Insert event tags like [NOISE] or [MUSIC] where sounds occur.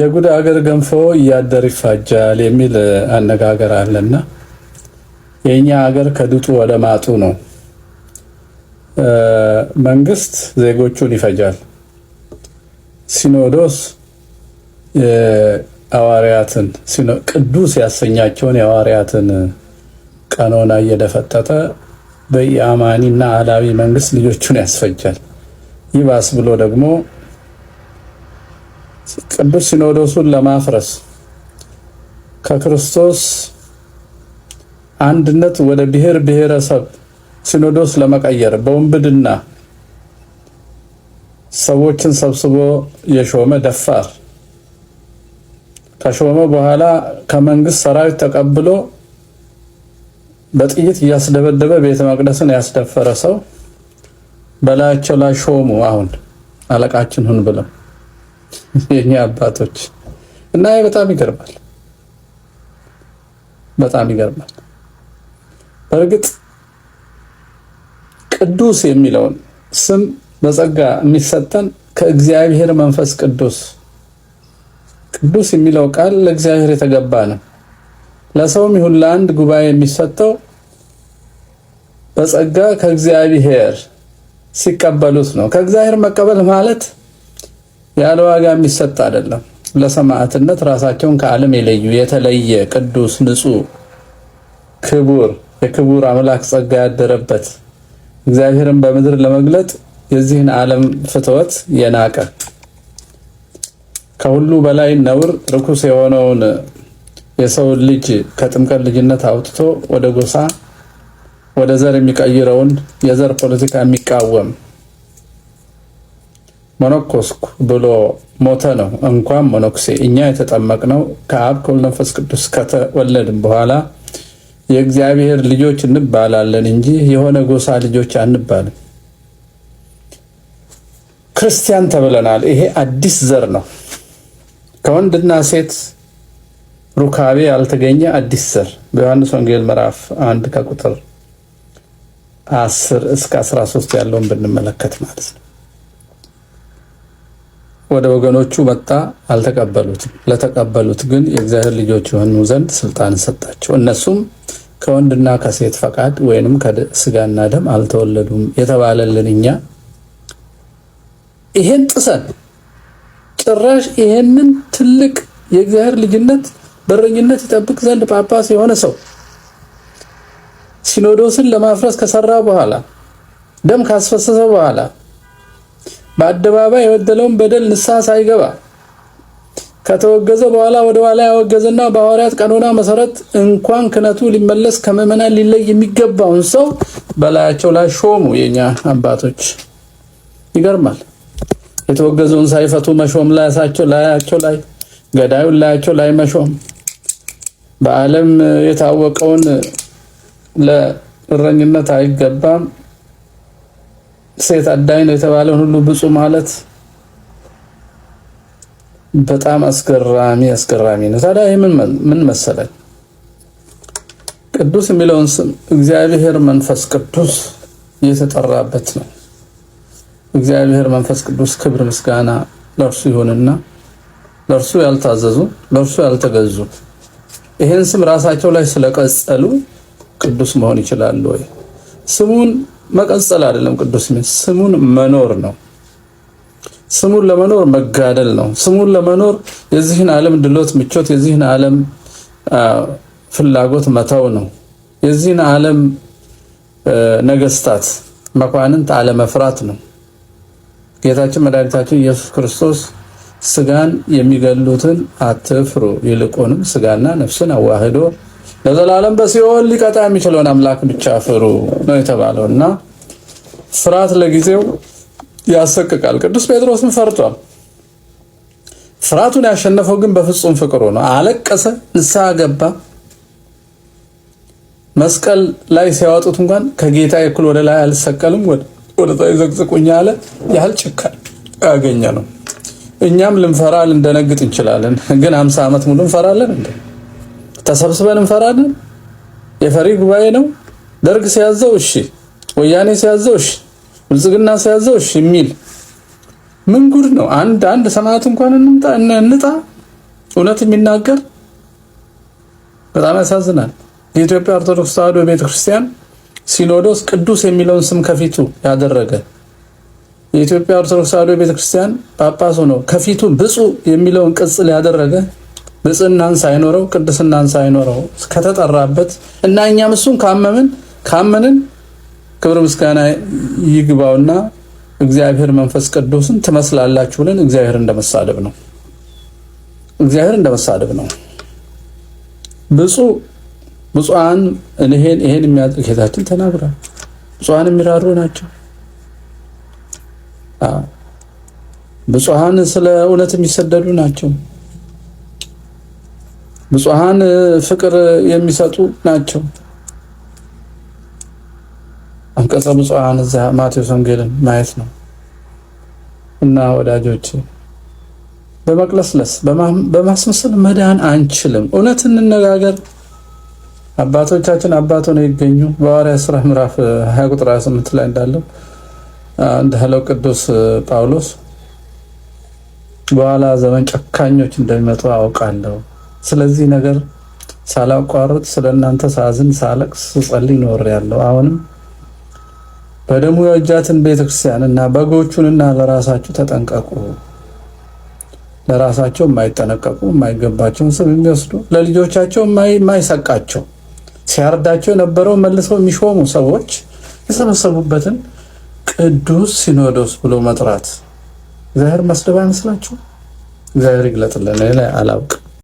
የጉድ አገር ገንፎ እያደር ይፋጃል የሚል አነጋገር አለና የእኛ አገር ከድጡ ወደ ማጡ ነው። መንግስት ዜጎቹን ይፈጃል። ሲኖዶስ ሐዋርያትን ቅዱስ ያሰኛቸውን የሐዋርያትን ቀኖና እየደፈጠጠ በየአማኒና አላዊ መንግስት ልጆቹን ያስፈጃል። ይባስ ብሎ ደግሞ ቅዱስ ሲኖዶሱን ለማፍረስ ከክርስቶስ አንድነት ወደ ብሔር ብሔረሰብ ሲኖዶስ ለመቀየር በወንብድና ሰዎችን ሰብስቦ የሾመ ደፋር ከሾመ በኋላ ከመንግስት ሰራዊት ተቀብሎ በጥይት እያስደበደበ ቤተ መቅደስን ያስደፈረ ሰው በላያቸው ላይ ሾሙ። አሁን አለቃችን ሁን ብለው [LAUGHS] የእኛ አባቶች እና በጣም ይገርማል፣ በጣም ይገርማል። በእርግጥ ቅዱስ የሚለውን ስም በጸጋ የሚሰጠን ከእግዚአብሔር መንፈስ ቅዱስ። ቅዱስ የሚለው ቃል ለእግዚአብሔር የተገባ ነው። ለሰውም ይሁን ለአንድ ጉባኤ የሚሰጠው በጸጋ ከእግዚአብሔር ሲቀበሉት ነው። ከእግዚአብሔር መቀበል ማለት ያለ ዋጋ የሚሰጥ አይደለም። ለሰማዕትነት ራሳቸውን ከዓለም የለዩ የተለየ ቅዱስ፣ ንጹሕ፣ ክቡር የክቡር አምላክ ጸጋ ያደረበት እግዚአብሔርን በምድር ለመግለጥ የዚህን ዓለም ፍትወት የናቀ ከሁሉ በላይ ነውር ርኩስ የሆነውን የሰው ልጅ ከጥምቀት ልጅነት አውጥቶ ወደ ጎሳ ወደ ዘር የሚቀይረውን የዘር ፖለቲካ የሚቃወም መነኮስኩ ብሎ ሞተ ነው። እንኳን መነኩሴ እኛ የተጠመቅነው ከአብ ከወልድ መንፈስ ቅዱስ ከተወለድን በኋላ የእግዚአብሔር ልጆች እንባላለን እንጂ የሆነ ጎሳ ልጆች አንባልም። ክርስቲያን ተብለናል። ይሄ አዲስ ዘር ነው። ከወንድና ሴት ሩካቤ ያልተገኘ አዲስ ዘር በዮሐንስ ወንጌል ምዕራፍ አንድ ከቁጥር አስ እስከ ሶስት ያለውን ብንመለከት ማለት ነው። ወደ ወገኖቹ መጣ፣ አልተቀበሉትም። ለተቀበሉት ግን የእግዚአብሔር ልጆች የሆኑ ዘንድ ስልጣን ሰጣቸው። እነሱም ከወንድና ከሴት ፈቃድ ወይንም ከስጋና ደም አልተወለዱም የተባለልን እኛ ይሄን ጥሰን ጭራሽ ይሄንን ትልቅ የእግዚአብሔር ልጅነት በረኝነት ይጠብቅ ዘንድ ጳጳስ የሆነ ሰው ሲኖዶስን ለማፍረስ ከሰራ በኋላ ደም ካስፈሰሰ በኋላ በአደባባይ የበደለውን በደል ንስሐ ሳይገባ ከተወገዘ በኋላ ወደ ኋላ ያወገዘና በሐዋርያት ቀኖና መሰረት እንኳን ክነቱ ሊመለስ ከምዕመናን ሊለይ የሚገባውን ሰው በላያቸው ላይ ሾሙ። የኛ አባቶች ይገርማል። የተወገዘውን ሳይፈቱ መሾም፣ ላያሳቸው ላያቸው ላይ ገዳዩን ላያቸው ላይ መሾም፣ በዓለም የታወቀውን ለእረኝነት አይገባም ሴት አዳኝ ነው የተባለውን ሁሉ ብፁ ማለት በጣም አስገራሚ አስገራሚ ነው። ታዲያ ይህ ምን መሰለኝ ቅዱስ የሚለውን ስም እግዚአብሔር መንፈስ ቅዱስ የተጠራበት ነው። እግዚአብሔር መንፈስ ቅዱስ ክብር ምስጋና ለእርሱ ይሁንና ለእርሱ ያልታዘዙ ለእርሱ ያልተገዙ ይህን ስም ራሳቸው ላይ ስለቀጸሉ ቅዱስ መሆን ይችላሉ ወይ? ስሙን መቀጸል አይደለም። ቅዱስ ስሙን መኖር ነው። ስሙን ለመኖር መጋደል ነው። ስሙን ለመኖር የዚህን ዓለም ድሎት፣ ምቾት፣ የዚህን ዓለም ፍላጎት መተው ነው። የዚህን ዓለም ነገስታት መኳንንት አለመፍራት ነው። ጌታችን መድኃኒታችን ኢየሱስ ክርስቶስ ስጋን የሚገሉትን አትፍሩ፣ ይልቁንም ስጋና ነፍስን አዋህዶ ለዘላለም በሲኦል ሊቀጣ የሚችለውን አምላክ ብቻ ፍሩ ነው የተባለው እና ፍርሃት ለጊዜው ያሰቅቃል። ቅዱስ ጴጥሮስን ፈርቷል። ፍርሃቱን ያሸነፈው ግን በፍጹም ፍቅሩ ነው። አለቀሰ፣ ንስሐ ገባ። መስቀል ላይ ሲያወጡት እንኳን ከጌታ እኩል ወደ ላይ አልሰቀልም ወደ ታች ዘቅዝቁኝ አለ። ያህል ጭካኔ ያገኘ ነው። እኛም ልንፈራ ልንደነግጥ እንችላለን። ግን ሀምሳ ዓመት ሙሉ እንፈራለን እንዴ? ተሰብስበን እንፈራለን። የፈሪ ጉባኤ ነው። ደርግ ሲያዘው እሺ፣ ወያኔ ሲያዘው እሺ፣ ብልጽግና ሲያዘው እሺ የሚል ምን ጉድ ነው? አንድ አንድ ሰማዕት እንኳን እንምጣ እንጣ እውነት የሚናገር በጣም ያሳዝናል። የኢትዮጵያ ኦርቶዶክስ ተዋሕዶ ቤተክርስቲያን ሲኖዶስ ቅዱስ የሚለውን ስም ከፊቱ ያደረገ የኢትዮጵያ ኦርቶዶክስ ተዋሕዶ ቤተክርስቲያን ጳጳስ ሆኖ ከፊቱ ብፁ የሚለውን ቅጽል ያደረገ ንጽህናን ሳይኖረው ቅድስናን ሳይኖረው ከተጠራበት እና እኛም እሱን ካመምን ካመንን ክብር ምስጋና ይግባውና እግዚአብሔር መንፈስ ቅዱስን ትመስላላችሁ ብለን እግዚአብሔር እንደመሳደብ ነው። እግዚአብሔር እንደመሳደብ ነው። ብፁዕ ብፁዓን እኔን ይሄን የሚያውቅ ጌታችን ተናግሯል። ብፁዓን የሚራሩ ናቸው። ብፁዓን ስለ እውነት የሚሰደዱ ናቸው። ብፁሃን ፍቅር የሚሰጡ ናቸው። አንቀጸ ብፁዓን እዛ ማቴዎስ ወንጌልን ማየት ነው እና ወዳጆች በመቅለስለስ በማስመሰል መዳን አንችልም። እውነት እንነጋገር። አባቶቻችን አባት ሆነው ይገኙ። በሐዋርያት ስራ ምዕራፍ 20 ቁጥር 28 ላይ እንዳለው እንዳለው ቅዱስ ጳውሎስ በኋላ ዘመን ጨካኞች እንደሚመጡ አውቃለሁ ስለዚህ ነገር ሳላቋርጥ ስለ እናንተ ሳዝን፣ ሳለቅስ፣ ስጸልይ ኖር ያለው አሁንም በደሙ የዋጃትን ቤተክርስቲያንና በጎቹንና ለራሳችሁ ተጠንቀቁ። ለራሳቸው የማይጠነቀቁ የማይገባቸውን ስም የሚወስዱ ለልጆቻቸው የማይሰቃቸው ሲያርዳቸው የነበረው መልሰው የሚሾሙ ሰዎች የሰበሰቡበትን ቅዱስ ሲኖዶስ ብሎ መጥራት እግዚአብሔር መስደብ አይመስላችሁ? እግዚአብሔር ይግለጥልን። ላይ አላውቅም።